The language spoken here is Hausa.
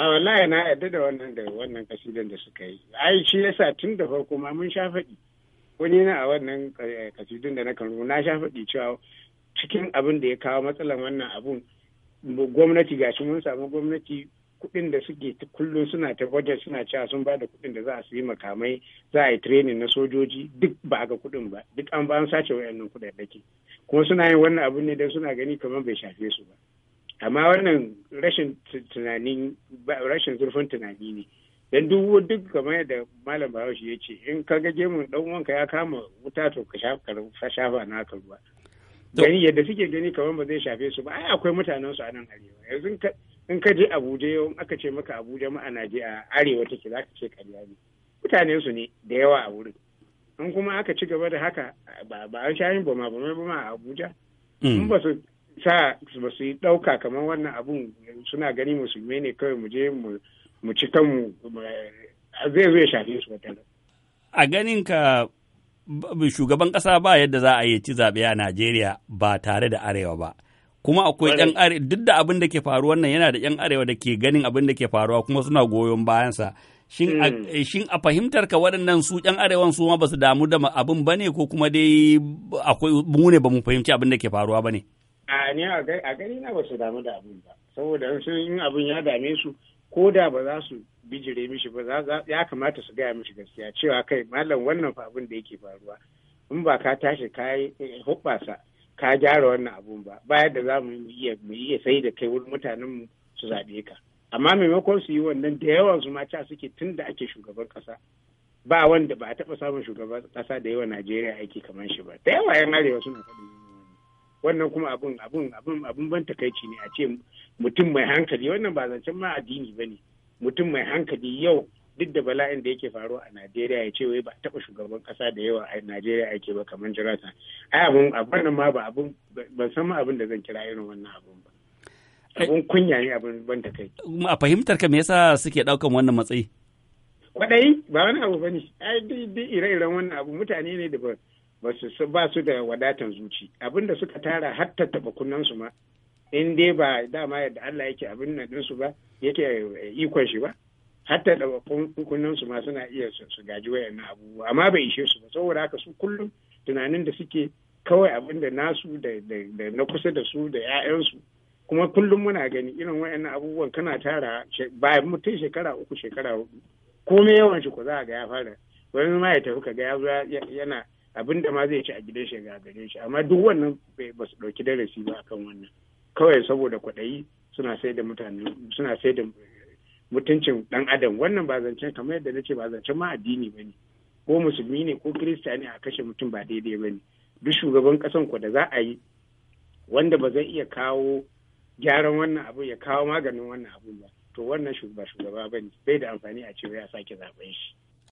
a wallahi na yadda da wannan da wannan kasidan da suka yi ai shi yasa tun da farko ma mun sha faɗi wani na a wannan eh, kasidun da na kan na sha faɗi cewa cikin abin da ya kawo matsalar wannan abun gwamnati gashi mun samu gwamnati kuɗin da suke kullum suna ta budget suna cewa sun ba da kuɗin da za a yi makamai za a yi training na sojoji duk ba ga kuɗin ba duk an ba an sace wayannan kuɗaɗɗaki kuma suna yin wannan abun ne don suna gani kamar bai shafe su ba amma wannan rashin tunanin rashin zurfin tunani ne dan duk duk kamar yadda malam bahaushe ya ce in ka ga gemun dan uwanka ya kama wuta to ka shafa na ka ruwa gani yadda suke gani kamar ba zai shafe su ba ai akwai mutanen su a nan arewa yanzu in ka je abuja yau aka ce maka abuja ma ana je a arewa take za ka ce karya ne mutane su ne da yawa a wurin in kuma aka ci gaba da haka ba an sha yin bama bama bama a abuja in mm. ba su sa ba su yi ɗauka kamar wannan abun suna gani musulmai ne kawai mu je mu ci kanmu zai zai shafi su wata A ganin ka shugaban kasa ba yadda za a yi ci zaɓe a Najeriya ba tare da arewa ba. Kuma akwai ‘yan arewa duk da abin da ke faru wannan yana da ‘yan arewa da ke ganin abin da ke faruwa kuma suna goyon bayansa. Shin a hmm. eh, fahimtar ka waɗannan su ‘yan arewan su ma ba su damu da abin ba ne ko kuma dai akwai mu ne ba mu fahimci abin da ke faruwa ba ne? a ne a gani na ba damu da abin ba saboda in abin ya dame su ko da ba za su bijire mishi ba ya kamata su gaya mishi gaskiya cewa kai malam wannan fa abin da yake faruwa in ba ka tashi ka yi hubbasa eh, ka gyara wannan abun ba ba da za mu iya sai da kai wurin mutanen mu su zaɓe ka amma maimakon su yi wannan da yawan su mata suke tun da ake shugaban ƙasa ba wanda ba a taɓa samun shugaban ƙasa da yawa Najeriya aiki kamar shi ba da yawa yan arewa suna faɗin wannan kuma abun abin abin abin ban takaici ne a ce mutum mai hankali wannan ba zancen ma addini bane mutum mai hankali yau duk da bala'in da yake faruwa a Najeriya ya ce wai ba taɓa shugaban ƙasa da yawa a Najeriya ake ba kamar jirata ai abun abun ma ba abun ban san ma abun da zan kira irin wannan abun ba abun kunya ne abun ban takaici a fahimtar ka me yasa suke daukan wannan matsayi kwaɗayi ba wani abu bane ai duk ire-iren wannan abu mutane ne da ba su da wadatan zuci abin da suka tara har tattaba su ma in dai ba dama yadda Allah yake abin nan su ba yake eh, ikon shi ba hatta da kunnan su ma suna iya su gaji wayannan abubuwa amma bai ishe su ba saboda haka su kullum tunanin da suke kawai abin da nasu da na kusa da su da 'ya'yansu kuma kullum muna gani irin wayannan abubuwan kana tara ba mutum shekara uku shekara hudu komai yawan shi ko za ga ya fara wani ma ya tafi ga ya yana abin da ma zai ci a gidan shi gare shi amma duk wannan ba su ɗauki darasi ba akan wannan kawai saboda kwaɗayi suna sai da mutane suna sai da mutuncin ɗan adam wannan ba zancen kamar yadda na ce ba zancen ma addini ba ne ko musulmi ne ko kirista ne a kashe mutum ba daidai ba ne duk shugaban ƙasan ku da za a yi wanda ba zai iya kawo gyaran wannan abu ya kawo maganin wannan abu ba to wannan shugaba shugaba ba ne bai da amfani a cewa ya sake zaɓen shi.